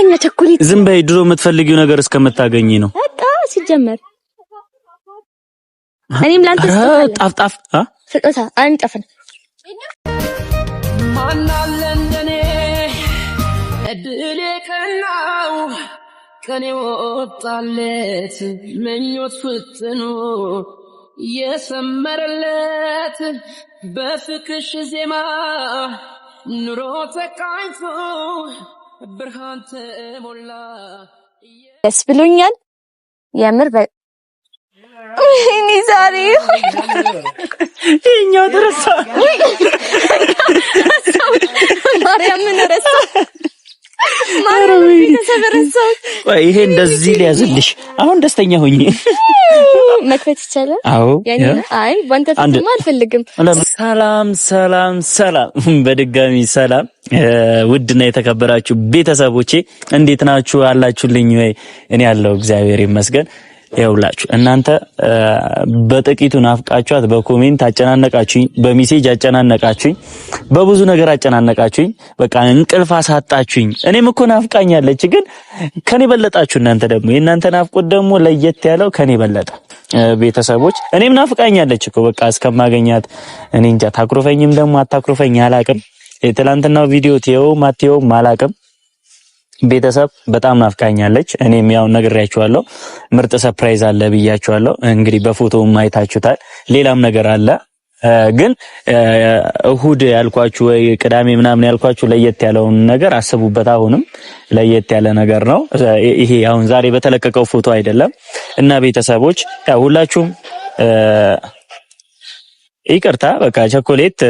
ትክክለኛ ቸኮሌት። ዝም በይ፣ ድሮ የምትፈልጊው ነገር እስከምታገኝ ነው። በቃ ሲጀመር እኔም ላንተ ጣፍጣፍ ፍቅታ አንጠፍን ማናለ እንደኔ እድሌ ከናው ከኔ ወጣለት መኞት ፍጥኑ የሰመረለት በፍክሽ ዜማ ኑሮ ተቃኝቶ ብርሃን ተሞላ። ደስ ብሎኛል የምር በ ይህኒ ዛሬ ይኸኛው ተረሳ። ማርያምን ረሳ። ይሄ እንደዚህ ሊያዝልሽ አሁን ደስተኛ ሆኝ መክፈት ይቻላል። አዎ አይ ባንተ አልፈልግም። ሰላም ሰላም ሰላም፣ በድጋሚ ሰላም ውድና የተከበራችሁ ቤተሰቦቼ እንዴት ናችሁ? አላችሁልኝ ወይ? እኔ ያለው እግዚአብሔር ይመስገን። ያውላችሁ እናንተ በጥቂቱ ናፍቃችኋት በኮሜንት አጨናነቃችሁኝ፣ በሚሴጅ አጨናነቃችሁኝ፣ በብዙ ነገር አጨናነቃችሁኝ። በቃ እንቅልፍ አሳጣችሁኝ። እኔም እኮ ናፍቃኛለች፣ ግን ከኔ በለጣችሁ እናንተ ደግሞ የእናንተ ናፍቆት ደግሞ ለየት ያለው ከኔ በለጠ። ቤተሰቦች እኔም ናፍቃኛለች እኮ በቃ እስከማገኛት እኔ እንጃ። ታኩርፈኝም ደግሞ አታኩርፈኝ አላቅም። የትላንትናው ቪዲዮ ቴው ማቴው አላቅም ቤተሰብ በጣም ናፍቃኛለች። እኔም ያው ነግሬያችኋለሁ፣ ምርጥ ሰርፕራይዝ አለ ብያችኋለሁ። እንግዲህ በፎቶ ማየታችሁታል። ሌላም ነገር አለ ግን እሁድ ያልኳችሁ ወይ ቅዳሜ ምናምን ያልኳችሁ ለየት ያለውን ነገር አስቡበት። አሁንም ለየት ያለ ነገር ነው ይሄ አሁን ዛሬ በተለቀቀው ፎቶ አይደለም እና ቤተሰቦች ያው ሁላችሁም ይቅርታ በቃ ቸኮሌት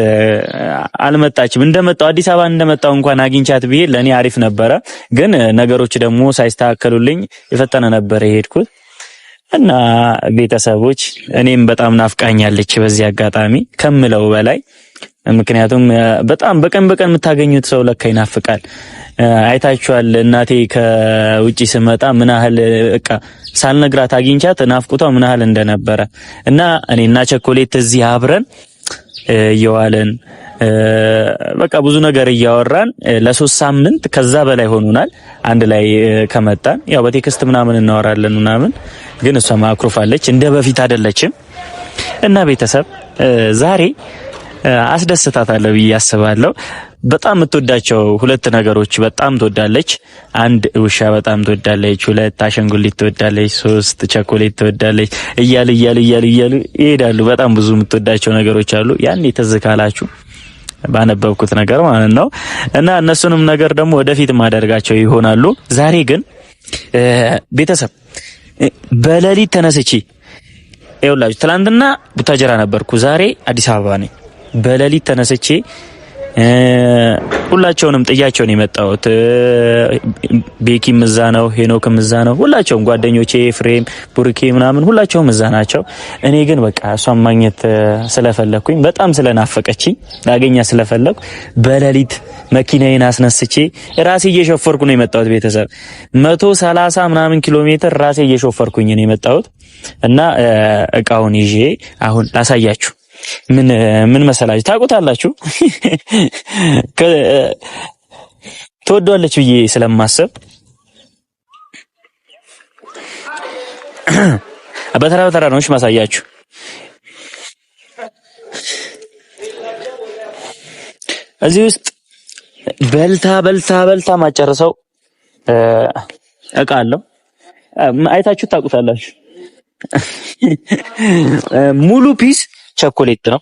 አልመጣችም። እንደመጣው አዲስ አበባ እንደመጣው እንኳን አግኝቻት ብሄድ ለእኔ አሪፍ ነበረ፣ ግን ነገሮች ደግሞ ሳይስተካከሉልኝ የፈጠነ ነበር የሄድኩት እና ቤተሰቦች እኔም በጣም ናፍቃኛለች። በዚህ አጋጣሚ ከምለው በላይ ምክንያቱም በጣም በቀን በቀን የምታገኙት ሰው ለካ ይናፍቃል። አይታችኋል። እናቴ ከውጪ ስመጣ ምን ያህል በቃ ሳልነግራት አግኝቻት ናፍቁቷ ምን ያህል እንደነበረ እና እኔና ቸኮሌት እዚህ አብረን እየዋለን በቃ ብዙ ነገር እያወራን ለሶስት ሳምንት ከዛ በላይ ሆኖናል አንድ ላይ ከመጣን። ያው በቴክስት ምናምን እናወራለን ምናምን፣ ግን እሷ ማክሮፋለች እንደ በፊት አይደለችም። እና ቤተሰብ ዛሬ አስደስታታለሁ ብዬ አስባለሁ። በጣም የምትወዳቸው ሁለት ነገሮች በጣም ትወዳለች። አንድ ውሻ በጣም ትወዳለች፣ ሁለት አሻንጉሊት ትወዳለች፣ ሶስት ቸኮሌት ትወዳለች እያሉ እያሉ እያሉ እያሉ ይሄዳሉ። በጣም ብዙ የምትወዳቸው ነገሮች አሉ። ያን ትዝ ካላችሁ ባነበብኩት ነገር ማለት ነው እና እነሱንም ነገር ደግሞ ወደፊት ማደርጋቸው ይሆናሉ። ዛሬ ግን ቤተሰብ በሌሊት ተነስቼ ይኸውላችሁ ትናንትና ቡታጀራ ነበርኩ፣ ዛሬ አዲስ አበባ ነኝ። በሌሊት ተነስቼ ሁላቸውንም ጥያቸውን የመጣሁት ቤኪም እዛ ነው፣ ሄኖክም እዛ ነው። ሁላቸውም ጓደኞቼ ፍሬም፣ ቡርኬ ምናምን ሁላቸውም እዛ ናቸው። እኔ ግን በቃ እሷን ማግኘት ስለፈለኩኝ በጣም ስለናፈቀችኝ ላገኛ ስለፈለኩ በሌሊት መኪናዬን አስነስቼ ራሴ እየሾፈርኩ ነው የመጣሁት። ቤተሰብ መቶ ሰላሳ ምናምን ኪሎ ሜትር ራሴ እየሾፈርኩኝ ነው የመጣሁት እና እቃውን ይዤ አሁን ላሳያችሁ ምን ምን መሰላችሁ ታውቁታላችሁ፣ ትወደዋለች ብዬ ስለማሰብ በተራ በተራ ነው ማሳያችሁ። እዚህ ውስጥ በልታ በልታ በልታ ማጨረሰው እቃ አለው። አይታችሁ ታውቁታላችሁ ሙሉ ፒስ ቸኮሌት ነው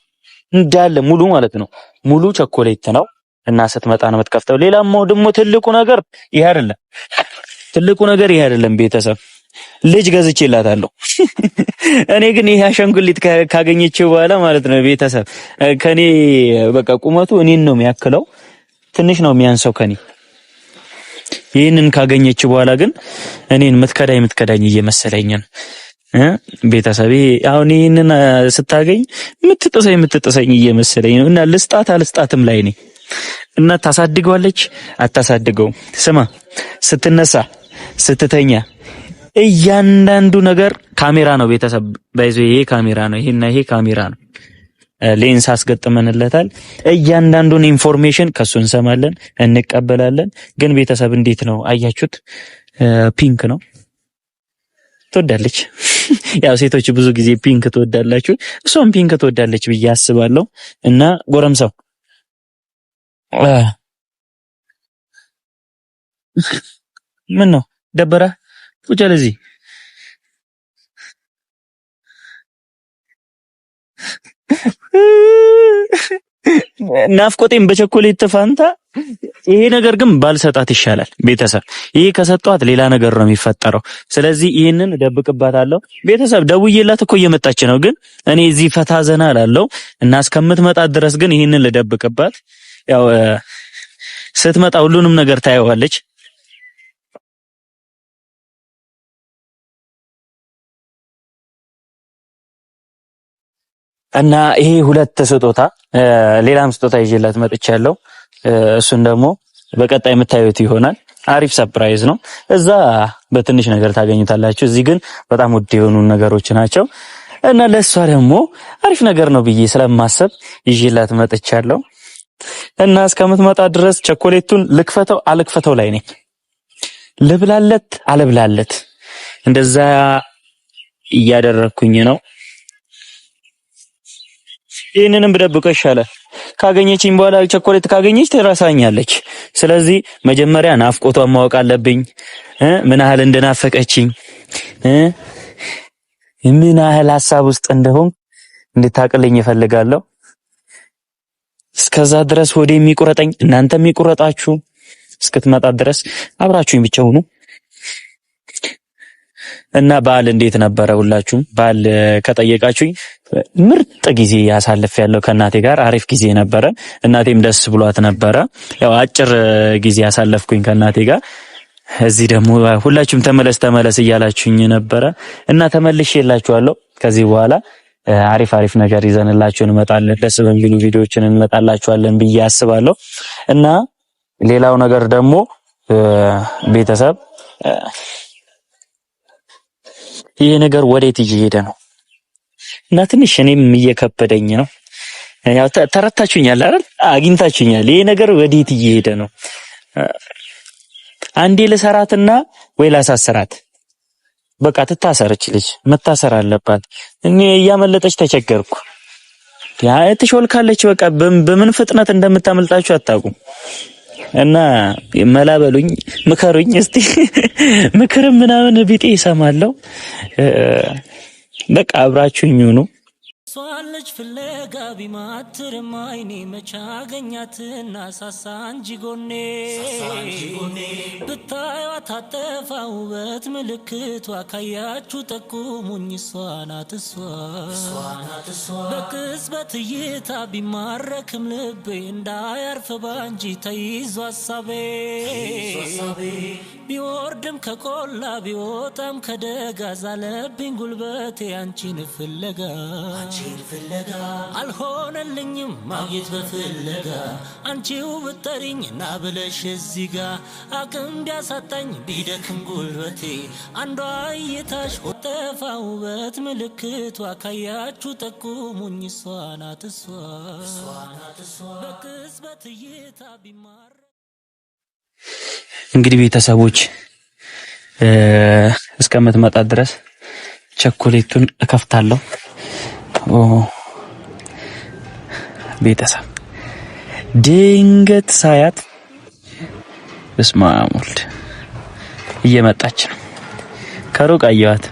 እንዳለ ሙሉ ማለት ነው። ሙሉ ቸኮሌት ነው እና ስትመጣ ነው የምትከፍተው። ሌላም ደግሞ ትልቁ ነገር ይሄ አይደለም። ትልቁ ነገር ይሄ አይደለም። ቤተሰብ ልጅ ገዝቼላታለሁ። እኔ ግን ይሄ አሻንጉሊት ካገኘችው በኋላ ማለት ነው ቤተሰብ ከኔ በቃ ቁመቱ እኔን ነው የሚያክለው፣ ትንሽ ነው የሚያንሰው ከኔ። ይህንን ካገኘችው በኋላ ግን እኔን ምትከዳኝ ምትከዳኝ እየመሰለኝ ነው። ቤተሰቤ አሁን ይህንን ስታገኝ የምትጥሰኝ የምትጥሰኝ እየመሰለኝ ነው። እና ልስጣት አልስጣትም ላይ ነኝ። እና ታሳድገዋለች አታሳድገውም። ስማ፣ ስትነሳ፣ ስትተኛ እያንዳንዱ ነገር ካሜራ ነው። ቤተሰብ ባይዞ ይሄ ካሜራ ነው፣ ይሄና ይሄ ካሜራ ነው። ሌንስ አስገጥመንለታል። እያንዳንዱን ኢንፎርሜሽን ከሱ እንሰማለን፣ እንቀበላለን። ግን ቤተሰብ እንዴት ነው አያችሁት? ፒንክ ነው። ትወዳለች። ያው ሴቶች ብዙ ጊዜ ፒንክ ትወዳላችሁ፣ እሷም ፒንክ ትወዳለች ብዬ አስባለሁ። እና ጎረምሳው ምን ነው ደበራ ቁጭ ለዚህ ናፍቆቴን በቸኮሌት ተፋንታ ይሄ ነገር ግን ባልሰጣት ይሻላል። ቤተሰብ ይሄ ከሰጧት ሌላ ነገር ነው የሚፈጠረው። ስለዚህ ይህንን እደብቅባታለሁ። ቤተሰብ ደውዬላት እኮ እየመጣች ነው፣ ግን እኔ እዚህ ፈታ ዘና እላለሁ እና እስከምትመጣት ድረስ ግን ይህንን ልደብቅባት። ያው ስትመጣ ሁሉንም ነገር ታየዋለች። እና ይሄ ሁለት ስጦታ ሌላም ስጦታ ይዤላት መጥቻለሁ። እሱን ደግሞ በቀጣይ የምታዩት ይሆናል። አሪፍ ሰርፕራይዝ ነው። እዛ በትንሽ ነገር ታገኙታላችሁ። እዚህ ግን በጣም ውድ የሆኑ ነገሮች ናቸው እና ለእሷ ደግሞ አሪፍ ነገር ነው ብዬ ስለማሰብ ይዤላት መጥቻለሁ እና እስከምትመጣ ድረስ ቸኮሌቱን ልክፈተው አልክፈተው ላይ ነኝ። ልብላለት አልብላለት እንደዛ እያደረግኩኝ ነው። ይህንንም ብደብቀው ይሻላል። ካገኘችኝ በኋላ ቸኮሌት ካገኘች ትረሳኛለች። ስለዚህ መጀመሪያ ናፍቆቷን ማወቅ አለብኝ። ምን ያህል እንደናፈቀችኝ፣ ምን ያህል ሀሳብ ውስጥ እንደሆን እንድታቅልኝ እፈልጋለሁ። እስከዛ ድረስ ወደ የሚቆረጠኝ እናንተ የሚቆረጣችሁ እስክትመጣ ድረስ አብራችሁኝ ብቻ ሁኑ። እና በዓል እንዴት ነበረ? ሁላችሁም በዓል ከጠየቃችሁኝ ምርጥ ጊዜ ያሳልፍ ያለው ከእናቴ ጋር አሪፍ ጊዜ ነበረ። እናቴም ደስ ብሏት ነበረ። ያው አጭር ጊዜ ያሳለፍኩኝ ከእናቴ ጋር እዚህ ደግሞ ሁላችሁም ተመለስ ተመለስ እያላችሁኝ ነበረ እና ተመልሼ የላችኋለሁ ከዚህ በኋላ አሪፍ አሪፍ ነገር ይዘንላችሁ እንመጣለን። ደስ በሚሉ ቪዲዮዎችን እንመጣላችኋለን ብዬ አስባለሁ እና ሌላው ነገር ደግሞ ቤተሰብ ይሄ ነገር ወዴት እየሄደ ነው? እና ትንሽ እኔም እየከበደኝ ነው። ያው ተረታችሁኛል አይደል? አግኝታችሁኛል። ይሄ ነገር ወዴት እየሄደ ነው? አንዴ ልሰራትና ወይ ላሳስራት። በቃ ትታሰርች ልጅ መታሰር አለባት። እኔ እያመለጠች ተቸገርኩ። ያ ትሾልካለች። በቃ በምን ፍጥነት እንደምታመልጣችሁ አታውቁም። እና መላበሉኝ ምከሩኝ፣ እስቲ ምክርም ምናምን ቢጤ ይሰማለሁ። በቃ አብራችሁኝ ሁኑ። ሷለች ልጅ ፍለጋ ቢማትር አይኔ መቻ አገኛትና ሳሳ እንጂ ጎኔ ብታዩዋ ታጠፋ ውበት ምልክቷ ካያችሁ ጠቁሙኝ። እሷ ናት እሷ በቅጽበት እይታ ቢማረክም ልቤ እንዳያርፍ ባንጂ ተይዞ አሳቤ ቢወርድም ከቆላ ቢወጣም ከደጋ ዛለብኝ ጉልበቴ አንቺን ፍለጋ አንቺን ፍለጋ አልሆነልኝም ማግኘት በፍለጋ አንቺው ብጠሪኝ ና ብለሽ እዚህ ጋ አቅም ቢያሳጣኝ ቢደክም ጉልበቴ አንዷ እይታሽ ጠፋ ውበት ምልክቷ ካያችሁ ጠቁሙኝ እሷ እሷ በቅጽበት እይታ ቢማር እንግዲህ ቤተሰቦች እስከምትመጣ ድረስ ቸኮሌቱን እከፍታለሁ። ቤተሰብ ድንገት ሳያት እስማሙልድ እየመጣች ነው። ከሩቅ አየዋት።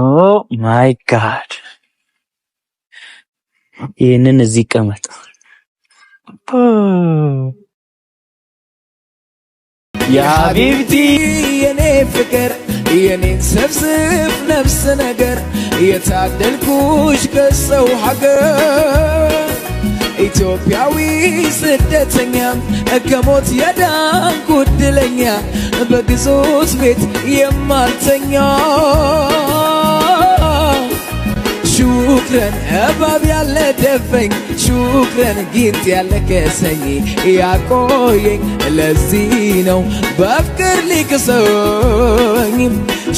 ኦ ማይ ጋድ! ይህንን እዚህ ቀመጥ የሀቢብቲ የኔ ፍቅር የኔን ሰብስብ ነፍስ ነገር የታደልኩሽ ከሰው ሀገር ኢትዮጵያዊ ስደተኛ ከሞት የዳንኩ ዕድለኛ በግዞት ቤት የማልተኛ شكرا أباب يالله دفن شكرا جيت يالله كسني يا كوين لزينو بفكر لك سوين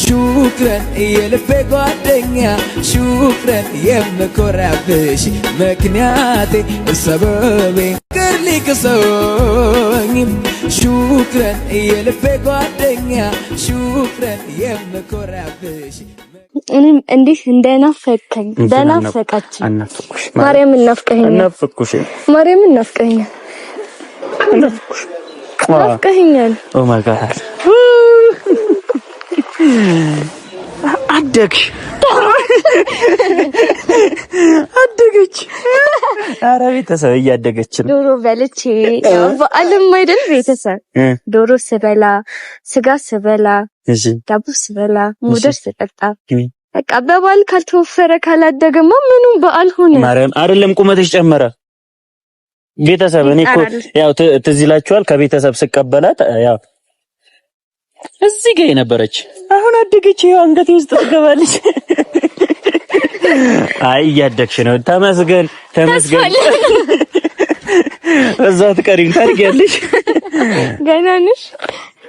شكرا يا لبي قدنيا شكرا يا مكرابش مكنياتي سببي بفكر لك سوين شكرا يا لبي قدنيا شكرا يا مكرابش እኔም እንዲህ እንደናፈከኝ ማርያም እናፍቀኸኛል፣ ማርያም እናፍቀኸኛል፣ አደግሽ አደገች። ኧረ ቤተሰብ እያደገች ነው። ዶሮ በልቼ በዓለም አይደል ቤተሰብ ዶሮ ስበላ፣ ስጋ ስበላ፣ ዳቦ ስበላ፣ ሙደር ስጠጣ በቃ በባል ካልተወፈረ ካላደገማ ምኑም በዓል ሆነ። ማርያም አይደለም ቁመትሽ ጨመረ። ቤተሰብ እኔ እኮ ያው ትዝ ይላችኋል ከቤተሰብ ስቀበላት ያው እዚህ ጋር የነበረች አሁን አደገች፣ ይኸው አንገቴ ውስጥ ትገባለች። አይ እያደግሽ ነው። ተመስገን ተመስገን። እዛ ትቀሪም ታርጊያለሽ። ገና ነሽ፣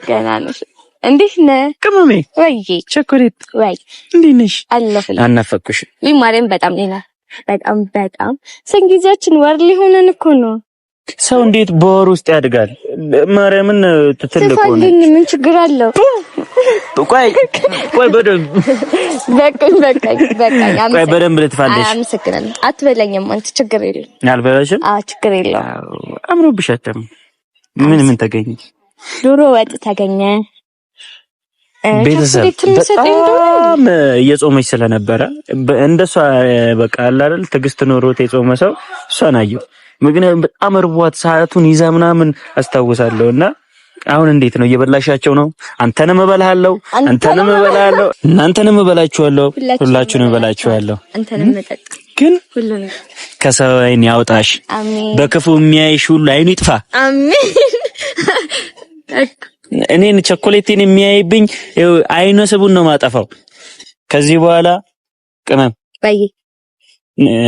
ገና ነሽ። እንዴት ነ ቅመሜ? ወይ ቸኮሌት ወይ እንዴት ነሽ? አለፍልኝ አናፈቅኩሽ ወይ ማርያም። በጣም ሌላ በጣም በጣም ስንጊዜያችን ወር ሊሆነን እኮ ነው። ሰው እንዴት በወር ውስጥ ያድጋል? ማርያምን ትልቅ ሆነ። ምን ችግር አለው? ቆይ ቆይ በደንብ በቃኝ በቃኝ በቃኝ። ቆይ በደንብ ልትፋለሽ። አመሰግናለሁ። አትበለኝም አንተ ችግር የለውም። አልበላሽም? አዎ ችግር የለውም። አምሮብሻል። ምን ምን ተገኘ? ዶሮ ወጥ ተገኘ። ቤተሰብ በጣም እየጾመች ስለነበረ እንደሷ በቃ አይደል ትግስት ኖሮት የጾመ ሰው እሷን አየሁ። ምክንያቱም በጣም እርቧት ሰዓቱን ይዛ ምናምን አስታውሳለሁ። እና አሁን እንዴት ነው እየበላሻቸው ነው? አንተንም እበላሃለሁ፣ አንተንም እበላሃለሁ፣ እናንተንም እበላችኋለሁ፣ ሁላችሁንም እበላችኋለሁ። ግን ከሰው ዓይን ያውጣሽ፣ በክፉ የሚያይሽ ሁሉ አይኑ ይጥፋ። አሜን። እኔን ቸኮሌቴን የሚያይብኝ አይነ ስቡን ነው ማጠፋው። ከዚህ በኋላ ቅመም በይ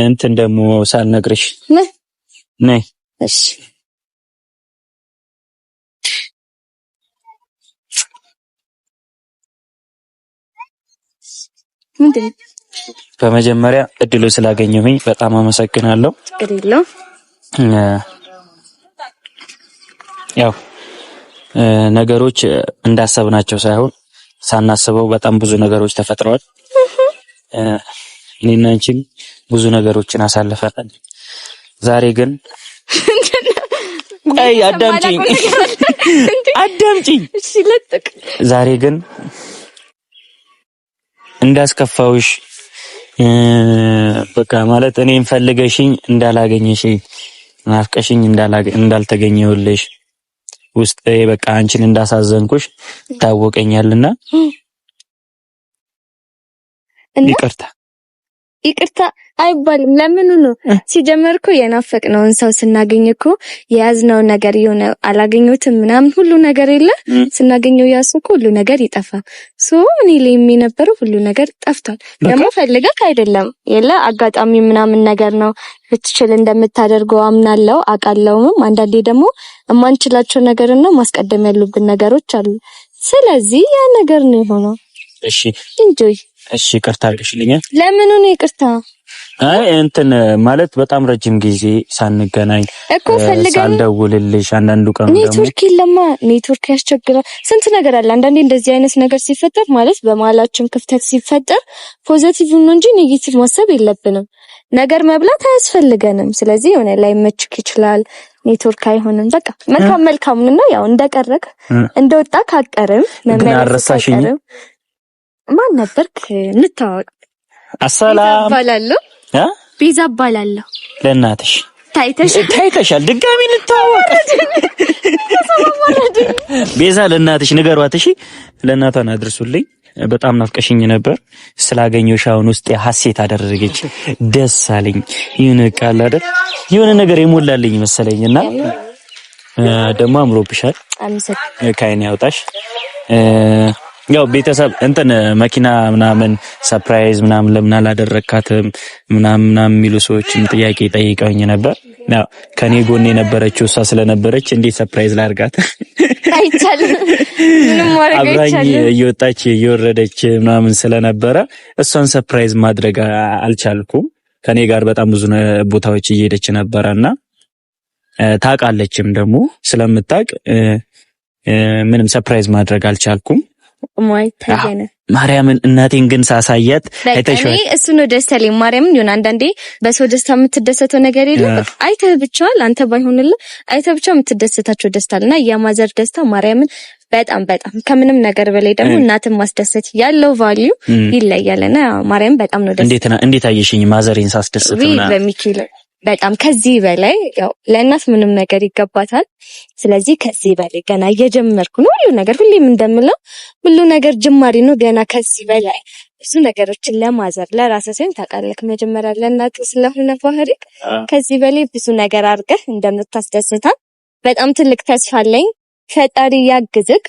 እንትን ደግሞ ሳልነግርሽ ነይ። እሺ በመጀመሪያ እድሉ ስላገኘሁኝ በጣም አመሰግናለሁ። ያው ነገሮች እንዳሰብናቸው ሳይሆን ሳናስበው በጣም ብዙ ነገሮች ተፈጥረዋል። እኔና አንቺም ብዙ ነገሮችን አሳልፈናል። ዛሬ ግን አይ አዳምጪኝ፣ አዳምጪኝ። ዛሬ ግን እንዳስከፋውሽ በቃ ማለት እኔን ፈልገሽኝ እንዳላገኘሽኝ ናፍቀሽኝ እንዳልተገኘውልሽ ውስጥ በቃ አንቺን እንዳሳዘንኩሽ ታወቀኛልና ይቅርታ ይቅርታ አይባልም። ለምኑ ነው ሲጀመር እኮ የናፈቅነውን ሰው ስናገኝ እኮ የያዝነውን ነገር የሆነ አላገኘሁትም ምናምን ሁሉ ነገር የለ ስናገኘው ያሱ እኮ ሁሉ ነገር ይጠፋል። ሶ እኔ ላይ የነበረው ሁሉ ነገር ጠፍቷል። ደግሞ ፈልገህ አይደለም የለ አጋጣሚ ምናምን ነገር ነው። ብትችል እንደምታደርገው አምናለው አውቃለውም። አንዳንዴ ደግሞ የማንችላቸው ነገርና ማስቀደም ያሉብን ነገሮች አሉ። ስለዚህ ያ ነገር ነው የሆነው። እሺ እንጆይ እሺ ይቅርታ አድርግሽልኛል። ለምኑ ነው ይቅርታ? አይ እንትን ማለት በጣም ረጅም ጊዜ ሳንገናኝ እኮ ፈልገን ሳልደውልልሽ አንዳንዱ ቀን ደግሞ ኔትወርክ የለማ ኔትወርክ ያስቸግራል። ስንት ነገር አለ። አንዳንዴ እንደዚህ አይነት ነገር ሲፈጠር ማለት በመሀላችን ክፍተት ሲፈጠር ፖዘቲቭ ነው እንጂ ኔጌቲቭ ማሰብ የለብንም። ነገር መብላት አያስፈልገንም። ስለዚህ የሆነ ላይመችክ ይችላል። ኔትወርክ አይሆንም። በቃ መልካም መልካሙን ነው ያው እንደቀረክ እንደወጣ ካቀርም መመለስ ማን ነበርክ? እንታወቅ። አሰላም እባላለሁ። ቤዛ እባላለሁ። ለእናትሽ ታይተሻል፣ ታይተሻል። ድጋሚ እንታወቅ። ቤዛ ለእናትሽ ንገሯት እሺ። ለእናቷን አድርሱልኝ። በጣም ናፍቀሽኝ ነበር። ስላገኘሁሽ አሁን ውስጥ ሀሴት አደረገች፣ ደስ አለኝ። ይሁን ቃል አይደል የሆነ ነገር የሞላልኝ መሰለኝና ደግሞ አምሮብሻል። ከአይን ያውጣሽ። ያው ቤተሰብ እንትን መኪና ምናምን ሰርፕራይዝ ምናምን ለምን አላደረካትም ምናምን ምናምን የሚሉ ሰዎችም ጥያቄ ጠይቀውኝ ነበር። ያው ከኔ ጎን የነበረችው እሷ ስለነበረች እንዴት ሰርፕራይዝ ላርጋት አይቻልም። ምንም አብራኝ እየወጣች እየወረደች ምናምን ስለነበረ እሷን ሰርፕራይዝ ማድረግ አልቻልኩም። ከኔ ጋር በጣም ብዙ ቦታዎች እየሄደች ነበረና ታውቃለችም ደግሞ ስለምታውቅ ምንም ሰርፕራይዝ ማድረግ አልቻልኩም። ማርያምን እናቴን ግን ሳሳያት አይተሽዋል። እሱ ነው ደስታ ላይ ማርያምን ይሆን አንዳንዴ በሰው ደስታ የምትደሰተው ነገር የለም። አይተህ ብቻዋል አንተ ባይሆንልህ አይተህ ብቻ የምትደሰታቸው ደስታ አለና የማዘር ደስታ ማርያምን በጣም በጣም ከምንም ነገር በላይ ደግሞ እናትን ማስደሰት ያለው ቫልዩ ይለያልና ማርያም በጣም ነው ደስ እንዴት እንዴት አየሽኝ ማዘሬን ሳስደሰት በሚችለው በጣም ከዚህ በላይ ያው ለእናት ምንም ነገር ይገባታል። ስለዚህ ከዚህ በላይ ገና እየጀመርኩ ነው። ሁሉ ነገር ሁሌም እንደምለው ሁሉ ነገር ጅማሬ ነው። ገና ከዚህ በላይ ብዙ ነገሮችን ለማዘር ለራሰ ሲሆን ታውቃለህ፣ መጀመሪያ ለእናት ስለሆነ ባህሪ ከዚህ በላይ ብዙ ነገር አድርገህ እንደምታስደስታል በጣም ትልቅ ተስፋ አለኝ። ፈጣሪ ያግዝግ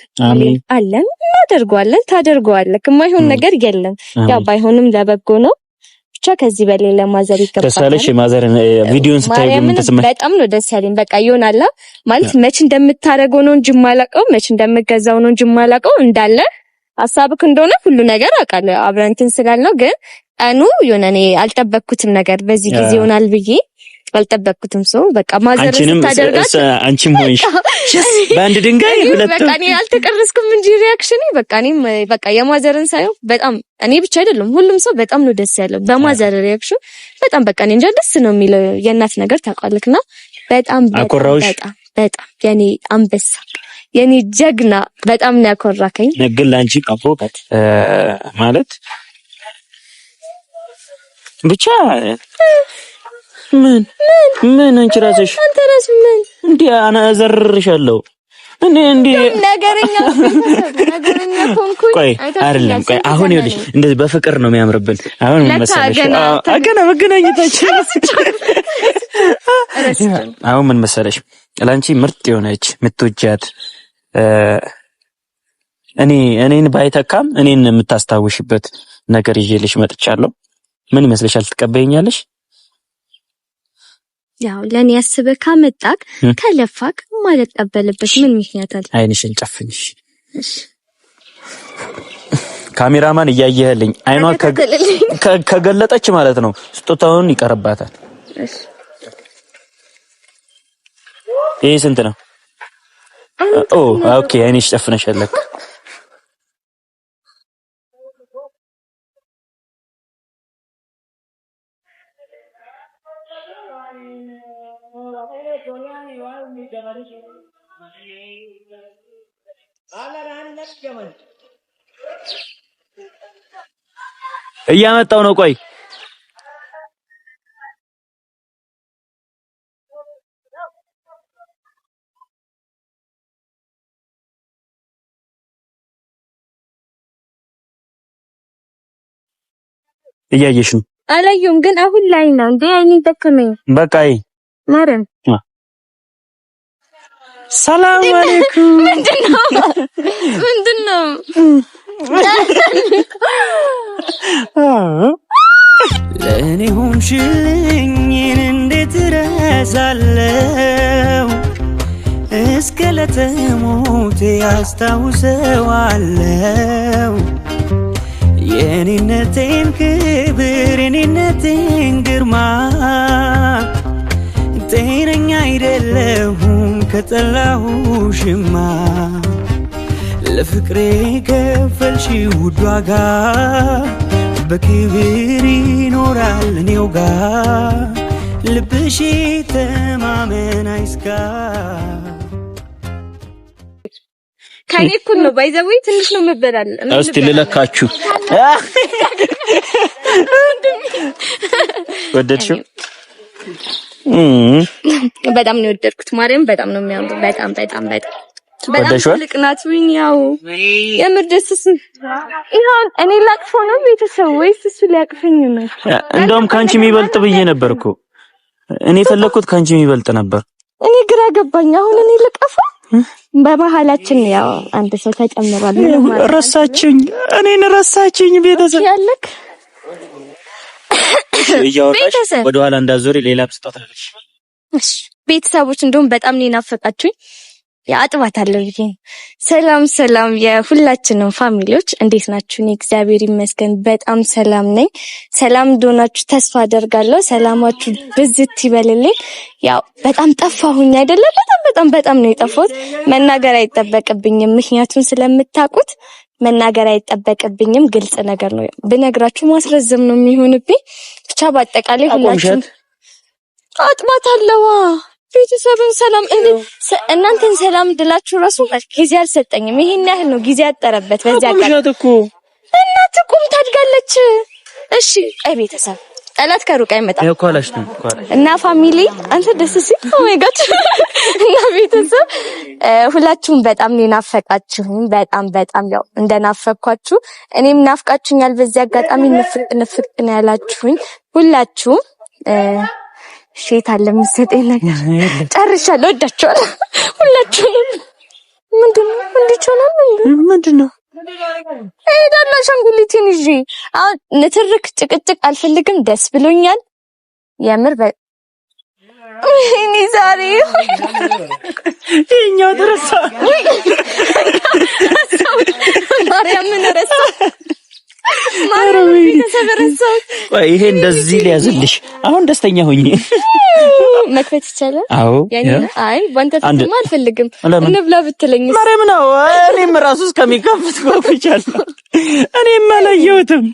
አለን፣ እናደርገዋለን፣ ታደርገዋለህ። የማይሆን ነገር የለም። ያው ባይሆንም ለበጎ ነው። ብቻ ከዚህ በላይ ለማዘር ይገባል። ደስ ያለሽ የማዘር ቪዲዮን ስታይ ምን በጣም ነው ደስ ያለኝ። በቃ ይሆናል ማለት መች እንደምታደርገው ነው እንጂ የማላውቀው፣ መች እንደምገዛው ነው እንጂ የማላውቀው እንዳለ ሀሳብክ እንደሆነ ሁሉ ነገር አውቃለሁ። አብረን እንትን ስላልነው ግን ቀኑ የሆነ እኔ አልጠበቅኩትም ነገር በዚህ ጊዜ ይሆናል ብዬ ባልጠበቅኩትም ሰው በቃ ማዘርስ ስታደርጋት አንቺም ሆንሽ በአንድ ድንጋይ ሁለት በቃ እኔ አልተቀረስኩም እንጂ ሪያክሽኔ በቃ እኔም በቃ የማዘርን ሳየው በጣም እኔ ብቻ አይደለም ሁሉም ሰው በጣም ነው ደስ ያለው በማዘር ሪያክሽን በጣም በቃ እኔ እንጃ ደስ ነው የሚለው የእናት ነገር ታውቃለክና በጣም አኮራሁሽ። በጣም በጣም የኔ አንበሳ የኔ ጀግና በጣም ነው ያኮራከኝ። ነግል ቀፎ ቀጥ ማለት ብቻ ምን ምን አንቺ ራስሽ አንተ ራስ ምን እንዴ አና እዘርርሻለሁ እንዴ እንዴ ነገርኛ ነገርኛ ኮንኩኝ አይደለም ቆይ አሁን ይኸውልሽ እንደዚህ በፍቅር ነው የሚያምርብን አሁን መሰለሽ አገና መገናኘታችን አሁን ምን መሰለሽ ለአንቺ ምርጥ የሆነች የምትወጃት እኔ እኔን ባይተካም እኔን የምታስታውሽበት ነገር ይዤልሽ መጥቻለሁ ምን ይመስልሻል ትቀበይኛለሽ ያው ለእኔ ያስበህ ካመጣክ ከለፋክ ማልቀበልበት ምን ምክንያት አለ? አይንሽን ጨፍንሽ። ካሜራማን እያየህልኝ አይኗ ከገለጠች ማለት ነው ስጦታውን ይቀርባታል። ይሄ ስንት ነው? ኦ ኦኬ፣ አይንሽ ጨፍነሽ አለክ እያመጣው ነው። ቆይ እያየሽ ነው። አላየሁም፣ ግን አሁን ላይ ነው እንዴ? አይኔ ደከመኝ። በቃ ማረም ሰላም አለይኩም። ምንድነው ምንድነው? ለእኔ ሆንሽልኝን እንዴት ረሳለው? እስከ ለተሞት ያስታውሰዋለው። የኔነቴን ክብር የኔነቴን ግርማ ጤነኛ አይደለሁ ከጠላሁሽማ ለፍቅሬ ከፈልሽ ውድ ዋጋ በክብር ይኖራል እኔው ጋ ልብሽ ተማመን አይስጋ ከኔ እኩል ነው። ባይዘዊ ትንሽ ነው መበላል። እስቲ ልለካችሁ። ወደድሽው? በጣም ነው የወደድኩት። ማርያም በጣም ነው የሚያምሩ። በጣም በጣም በጣም በጣም ትልቅ ናት። ዊን ያው የምር ደስ ይሁን። እኔ ላቅፎ ነው ቤተሰብ ወይስ እሱ ሊያቅፈኝ ነው? እንደውም ከአንቺ የሚበልጥ ብዬ ነበር እኮ እኔ የፈለኩት ከአንቺ የሚበልጥ ነበር። እኔ ግራ ገባኝ። አሁን እኔ ልቀፈ በመሀላችን ያው አንድ ሰው ተጨምሯል። ረሳችኝ፣ እኔን ረሳችኝ ቤተሰብ ያለክ እያወራሽ ወደኋላ እንዳዞሪ ሌላ ብስጣት አለሽ። እሺ ቤተሰቦች እንደውም በጣም ነው ናፈቃችሁኝ። አለው ይሄ ሰላም ሰላም፣ የሁላችንም ፋሚሊዎች እንዴት ናችሁ? እኔ እግዚአብሔር ይመስገን በጣም ሰላም ነኝ። ሰላም እንደሆናችሁ ተስፋ አደርጋለሁ። ሰላማችሁ ብዝት ይበልልኝ። ያው በጣም ጠፋሁኝ አይደለ? በጣም በጣም በጣም ነው የጠፋሁት። መናገር አይጠበቅብኝም፣ ምክንያቱም ስለምታውቁት መናገር አይጠበቅብኝም። ግልጽ ነገር ነው ብነግራችሁ ማስረዘም ነው የሚሆንብኝ። ብቻ በአጠቃላይ ሁላችን አለዋ ቤተሰብን ሰላም እናንተን ሰላም ድላችሁ ራሱ ጊዜ አልሰጠኝም። ይሄን ያህል ነው ጊዜ ያጠረበት በዚያ እና ትቁም ታድጋለች። እሺ አይ ቤተሰብ ጠላት ከሩቅ አይመጣም እና ፋሚሊ አንተ ደስ ሲል ኦ ማይ ጋድ እና ቤተሰብ ሁላችሁም በጣም ነው ናፈቃችሁኝ። በጣም በጣም ያው እንደናፈኳችሁ እኔም ናፍቃችሁኛል። በዚህ አጋጣሚ ንፍቅ ንፍቅ ነው ያላችሁኝ ሁላችሁም። ሼት አለ የምትሰጠኝ ነገር ጨርሻለሁ። ወዳችኋለሁ ሁላችሁም። ምንድን ነው ምንድን እሄዳለሁ አሻንጉሊቴን ይዤ። አሁን ንትርክ፣ ጭቅጭቅ አልፈልግም። ደስ ብሎኛል የምር እኔ ዛሬ ይኸኛው ተረሳ። ማርያምን ረሳ። ማርያምን ተሰበረሰው። ይሄ እንደዚህ ሊያዝልሽ አሁን ደስተኛ ሆኜ መክፈት ይቻላል? አዎ። አይ ባንተ አልፈልግም እንብላ ብትለኝ ማርያም ነው። እኔም ራሱ እስከሚከፍት ጓጉቻለሁ። እኔም አላየሁትም።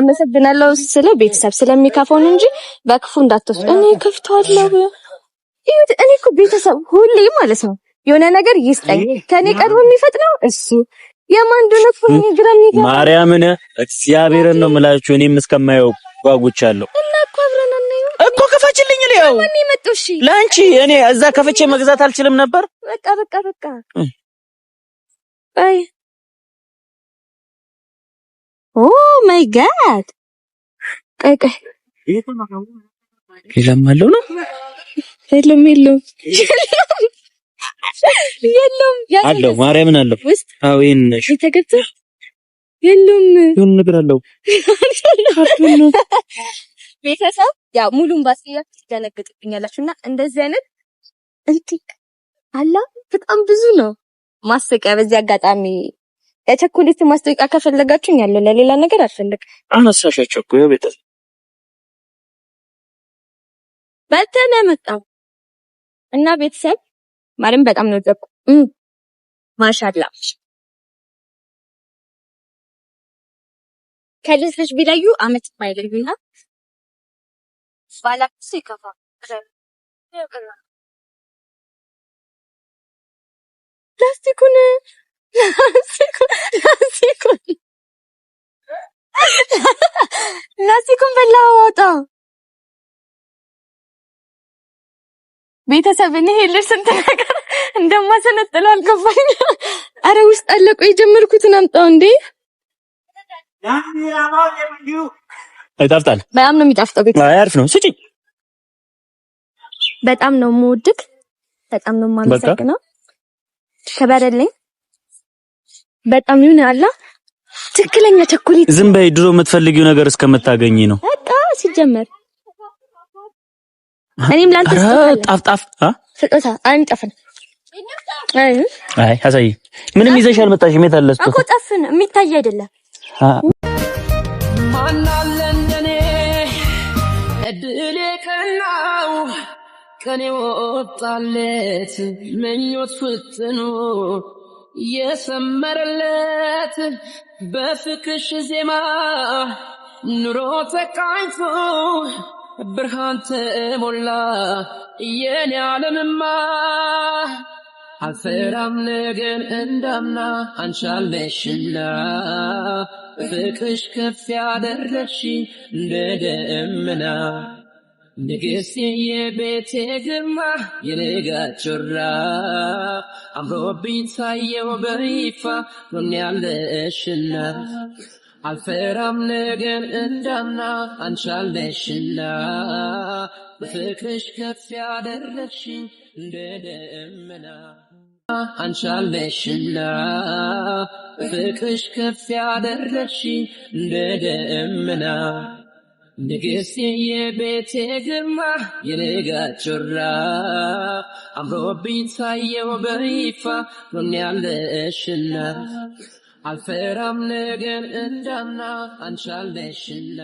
አመሰግናለሁ ስለ ቤተሰብ ስለሚከፋውን እንጂ በክፉ እንዳትወስድ። እኔ ከፍተዋለሁ። እኔ እኮ ቤተሰብ ሁሌ ማለት ነው የሆነ ነገር ይስጠኝ ከኔ ቀድሞ የሚፈጥነው እሱ ማርያምን እግዚአብሔርን ነው የምላችሁ። እኔም እስከማየው ጓጉቻለሁ እኮ ክፈችልኝ። ሊያው ለአንቺ እኔ እዛ ከፍቼ መግዛት አልችልም ነበር። በቃ በቃ በቃ አይ ኦ ማይ ጋድ ቀይ ቀይ የለም አለው ነው የለም የለም የለም አለው ማርያምን አለው ውስጥ ይሁን ነገር አለው ቤተሰብ ያው ሙሉን ባስያት ትደነግጡብኛላችሁና እንደዚህ አይነት አላ በጣም ብዙ ነው ማስታወቂያ። በዚህ አጋጣሚ የቸኮሌት ማስታወቂያ ከፈለጋችሁኝ ያለው ለሌላ ነገር አልፈልግ አነሳሻቸው እኮ ቤተሰብ በልተን እና ቤተሰብ ማለም በጣም ነው ደቁ ማሻላ ከልጅ ልጅ ቢለዩ አመት ማይለዩና ባላክስ ይከፋ ላስቲኩን ላስቲኩን በላው ወጣ ቤተሰብ ይሄ ልጅ ስንት ነገር እንደማሰነጥለው አልገባኝ። አረ ውስጥ አለቆ የጀመርኩትን አምጣው እንዴ! ይጣፍጣል። በጣም ነው የሚጣፍጠው። ቤት አሪፍ ነው። ስጪ። በጣም ነው የምወድክ። በጣም ነው ነው። ከበረልኝ። በጣም ይሁን አላ ትክክለኛ ቸኮሌት። ዝም በይ፣ ድሮ የምትፈልጊው ነገር እስከምታገኝ ነው። በቃ ሲጀመር እኔም ላንተ ስጦታ ጣፍጣፍ ስጦታ አንጠፍን አይ አሳይ። ምንም ይዘሽ አልመጣሽ። ሜት አለስኩ እኮ ጠፍን የሚታይ አይደለም። ማናለ እንደኔ እድሌ ከኔ ወጣለት የሰመረለት ዜማ ኑሮ ተቃኝቶ ብርሃን ተሞላ የኔ ዓለምማ አልፈራም ነገን እንዳምና አንሻለሽና ፍቅርሽ ከፍ ያደረግሽ እንደ ደመና ንግሥቴ የቤቴ ግርማ የንጋ ጮራ አምሮብኝ ሳየው በይፋ ሆን ያለሽና አልፈራም ነገን እንዳምና አንቻለሽና ፍቅርሽ ከፍ ያደረግሽ እንደ ደመና አንሻለሽና ፍቅርሽ ከፍ ያደረግሽ እንደ ደመና ንግሥት የቤቴ ግርማ የንጋ ጮራ አምሮብኝ ሳየው በይፋ ሆን ያለሽና አልፈራም ነገር እንዳና አንቻለሽና!